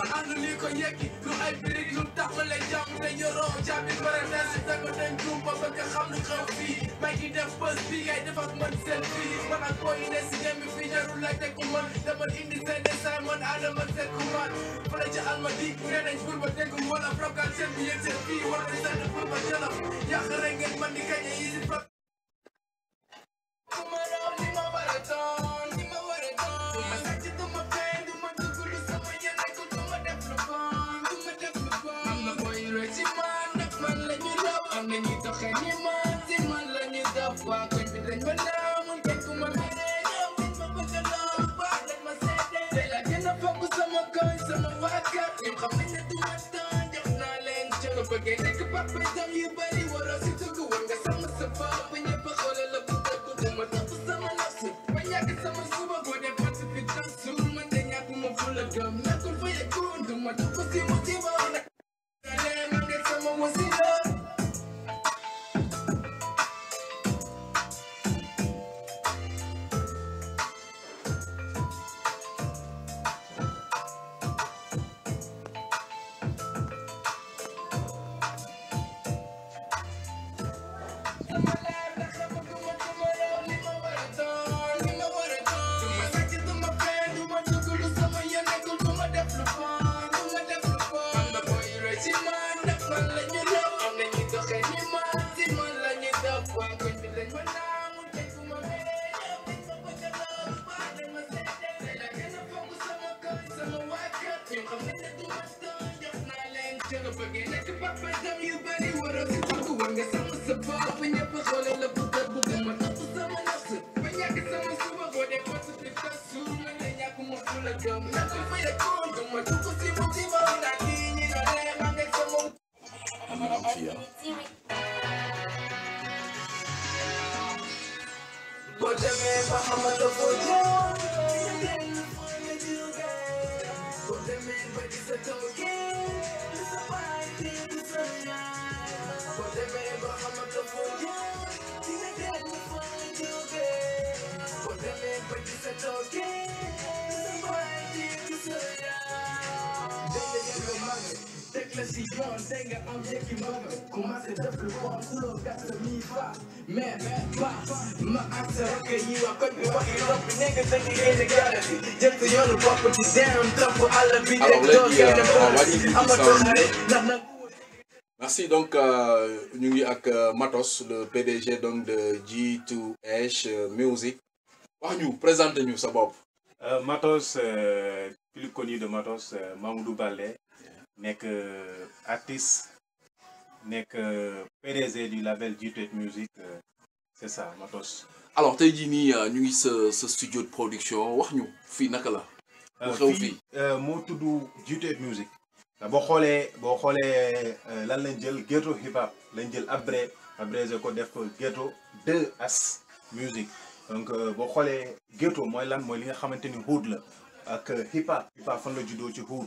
ba ànd lii ko yekki lu ay birig lu taxale jàmm te yoroo jàmmi bare ne si tegu nañ juum a bëgg xam lu xew fii may ki def bës bi yaay def ak man seen fii man ak booy ne si ñemi fii jarul laaj te ku man dama indi seen dessin man adama seen ku man fële ca almadi nee nañ pour ma dégg wala progal seen bi yëg seen fii wala seen pour ma jëlam yàq rek ngeen man sama koñ sama waa kër ñëpp xam nañ ne du ma temps jox naa leen cër bëggee nekk papa jam yu bari waroo si man nga sama sa bopp ñëpp xoolal la bu ko bëgg ma topp sama nafs ba ñàkk sama suba boo dee ko si biir tas suur ma ne ñàkk ma fu la gëm na ko fay la koon du ma dugg si bu si ma naa kii ñi na lee man nga sama boo demee ba xamata boo jëm Merci donc à euh, euh, Matos le PDG donc de G2H euh, Music wax nous présente nous sa Matos plus connu de Matos Mamoudou Ballet, Nek euh, artiste n'ek euh, PDG du label Dutet Music euh, c'est ça Matos. alors tay di ni ñu ngi ce ce studio de production wax ñu fi naka la. bu xew fii moo tudd Dutet Music. bo xolé boo xoolee lan lañ jël ghetto hip hop lañ jël abré abrégé ko def ko ghetto 2 as music donc bo xolé ghetto moy lan moy li nga xamanteni hood la ak hip hop hip hop fan la judo ci hood.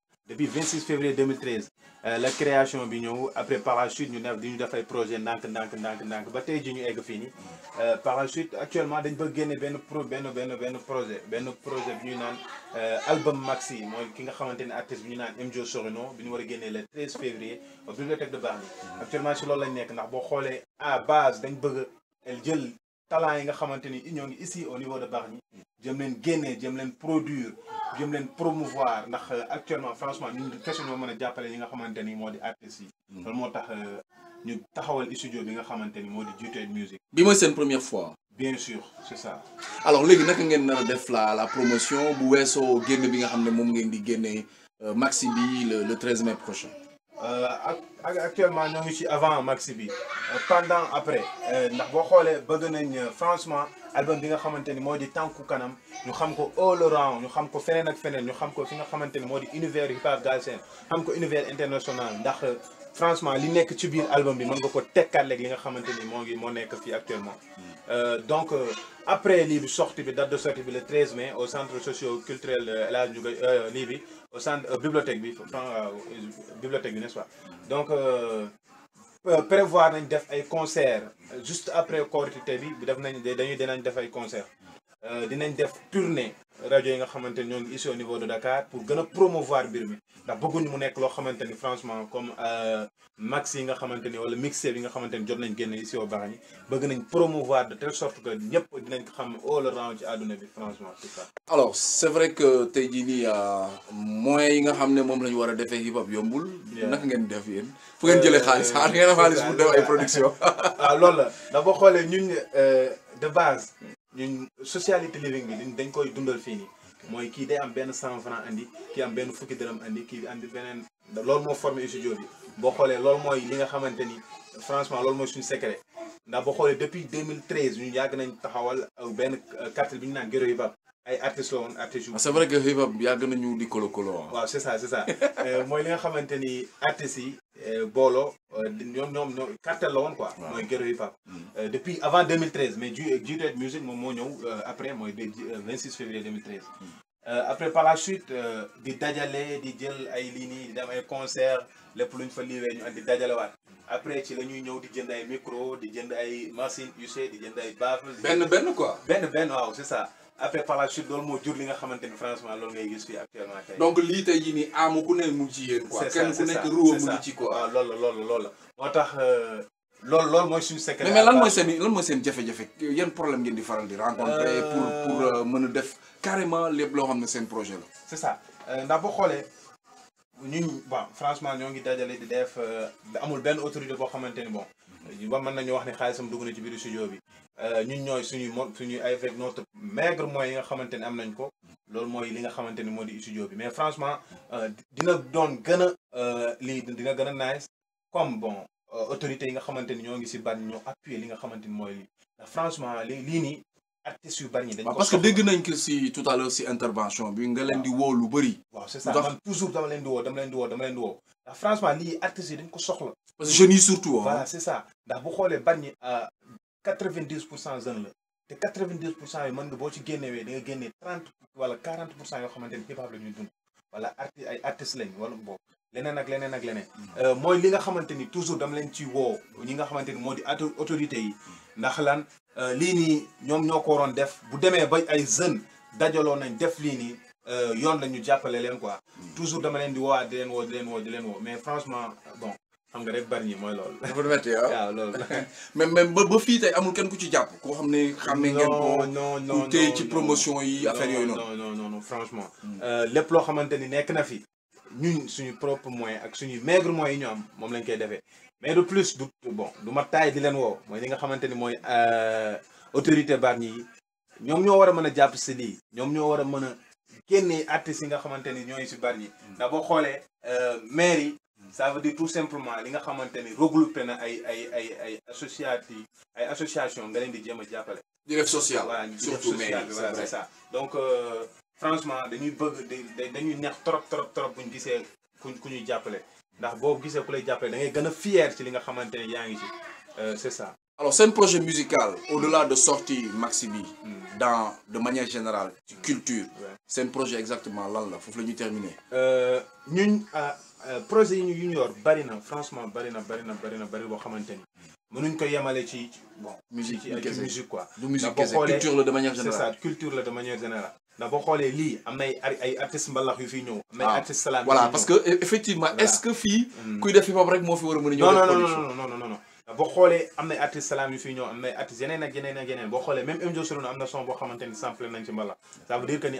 depuis 26 février 2013 euh, la création bi ñëw après par la suite ñu def di def ay projet ndànk ndànk ndànk ndànk ba tay ji ñu egg fini euh, par la suite actuellement dañ bëgg génne benn pro benn benn benn projet benn projet bi ñuy naan euh, album maxi moy ki nga xamanteni artiste bi ñu naan Mjo Sorino bi ñu wara a le 13 février au bibliothèque de Bali actuellement ci loolu lañ nekk ndax bo xolé à base dañ bëgg jël talent yi nga xamanteni ni ñoo ngi ici au niveau de Bargny jëm leen génnee jëm leen produire jëm leen promouvoir ndax euh, actuellement franchement ñun question ñoo mën a jàppale ñi nga xamante ni moo di artistes yi. Mm. loolu moo tax euh, ñu taxawal studio bi nga xamante ni moo di Duty Music. bi mooy seen première fois. bien sûr c'est ça. alors léegi naka ngeen nar a def la la promotion bu weesoo génn bi nga xam ne moom ngeen di génne euh, maxi bi le 13 mai prochain. Euh, ak actuellement ñoo ngi ci avant maxi bi euh, pendant après euh, ndax boo xoolee bëgg franchement album bi nga xamanteni modi tanku kanam ñu xam ko all around ñu xam ko fenen ak fenen ñu xam ko fi nga xamanteni modi moo di univers hip hop galsen xam ko univers international ndax franchement li nek ci biir album bi man nga ko lek li nga xamanteni mo ngi mo nek fi actuellement. Hmm. Euh, donc euh, après lii bi sortie bi date de sortie bi le 13 mai au centre socio-culturel El Hadj Ndiouga euh, lii bi au centre bibliothèque bi bibliothèque bi n'est-ce pas. Hmm. donc prévoir nañ def ay concert juste après Korité bi def nañ dañuy dinañ def ay concert dinañ def tournée. Radio yi nga ici au niveau de Dakar pour gën promouvoir mbir mi ndax bëgguñu mu nekk loo xamante franchement comme euh, max yi nga xamante wala ici au bëgg promouvoir de telle que dinañ ko all ci franchement alors c'est vrai que tey jii nii euh, yi nga xam hip hop yombul. ngeen def fu ngeen le euh, pour ay production. Ah la de base. ñun socialité living bi dañ koy dundal fii nii mooy kii day am benn cent franc andi kii am benn fukki dërëm indi kii indi beneen loolu moo formé studio bi boo xoolee lool mooy li nga xamante ni franchement loolu mooy suñu secret ndax boo xoolee depuis mille 2013 ñun yàgg nañ taxawal benn quartier bi ñu naan Guéréo Hip Hop ay c'est vrai que hip hop yàgg di colo ah. c'est ça c'est ça euh, Moi, euh, euh, quoi. hip mm. depuis avant 2013 mais du jiiteet musique après le 26 février 2013. Mm. après par la suite di dajale di jël ay des di concert lépp après ci ñëw di jënd micro di jënd ay machine di baffle. quoi. ben ben c'est ça après par la suite loolu moo jur li nga xamanteni franchement lool ngay gis fi actuellement tay donc li tay jii nii amu ah, ku ne mu ci yeen quoi kenn ku nek ruwa mu ci quoi. ah lool lool lool la loolu lool moo tax euh, loolu suñu secret. mais mais lan moy seen lan mooy seen jafé jafé yeen problème ngeen di faral di rencontrer euh, pour pour euh, mën a def carrément lépp loo xam ne seen projet la. c'est ça euh, nda bo xolé ñun bon franchement ñoo ngi dajalé di def amul ben autorité bo xamanteni ni bon. ba mën nañu wax ni xaalisam dugg na ci biir studio bi. Euh, ñun ñooy suñu suñu ay avec notre maigre moyen yi nga xamanteni am nañ ko lool moy li nga xamanteni modi studio bi mais franchement euh, dina doon gëna a euh, lii dina gëna nice comme bon autorité yi nga xamanteni ni ñoo ngi si bari ñoo appuyer li nga xamanteni moy franchement li ni artistes yu bari ñi dañ ko parce que dégg nañ que si tout à l'heure si intervention bi nga leen di wo lu bari waaw c'est ça man toujours dama leen di wo dama leen di wo dama leen di wo ndax franchement lii artistes yi dañ ko soxla. parce que jeunes yi surtout. Hein. voilà c'est ça ndax bu xoolee bari ñi quatre-vingt-dix pour cent jeunes la te quatre-vingt-dix pour cent yi mën nga boo ci génnewee da nga génnee trente wala quarante pour cent yoo xamante ni hip-hop la ñuy dund wala arti ay artistes lañ wala boobu leneen ak leneen ak leneen. Hmm. Euh, mooy li nga xamante ni toujours dama leen ci woo ñi nga xamante ni moo di autorité yi hmm. ndax lan euh, lii nii ñoom ñoo ko waroon def bu demee ba ay jeunes dajaloo nañ def lii nii euh, yoon la ñu jàppale leen quoi. Hmm. toujours dama leen di woowaat di leen woo leen woo leen woo mais franchement bon. xam nga rek bari ñi mooy loolu. dafa métti ah. mais mais ba amul ku ci non non non non franchement. Hmm. Euh, lépp loo na fi. suñu propre moyen ak suñu maigre moyen mais de plus du bon du ma di leen woo mooy nga euh, autorité ñoom ñoo war a mën a jàpp si lii ñoom ñoo war nga ça veut dire tout simplement li nga xamanteni regrouper na ay ay ay ay associati ay association nga len di jema jappalé jàppale. di def social surtout mais voilà c'est ça donc euh, franchement dañuy bëgg dañuy neex trop trop trop buñu gisé kuñu ku ku ndax boo gisé ku lay jàppale da ngay gëna fier ci li nga xamanteni yaangi ci euh, c'est ça. alors c'est un projet musical au-delà de sortie maxi B hmm. dans de manière générale hmm. culture. C'est un projet exactement là, la foofu la ñuy terminer euh, ñun ah, euh, projet junior ñu franchement bari na bari na bari musique musique culture de c'est ça culture de manière générale. ay artistes mbalax yu ah. parce que effectivement est-ce que fi mm. kuy def hip rek fi non non non non non. artistes yu même son ça veut dire que ni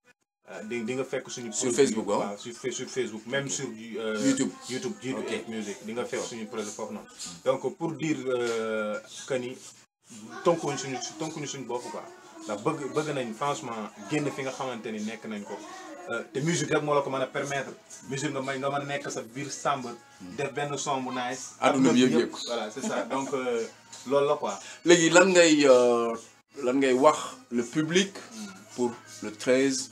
Euh, di nga fekk suñu. sur Facebook wa sur sur Facebook même sur. Euh, YouTube YouTube g 2 Music di nga fekk suñu projet foofu noonu. donc pour dire euh, que ni tonkuñu suñu tonkuñu suñu bopp quoi ndax bëgg bëgg nañ franchement génn fi nga xamante ni nekk nañ ko. te musique rek moo la ko mën a permettre musique nga may nga mën a nekk sa biir samba hmm. def benn son bu nice. adduna bi yëpp yëpp voilà c'est ça donc loolu la quoi. léegi lan ngay lan ngay wax le public. Hmm. pour le 13.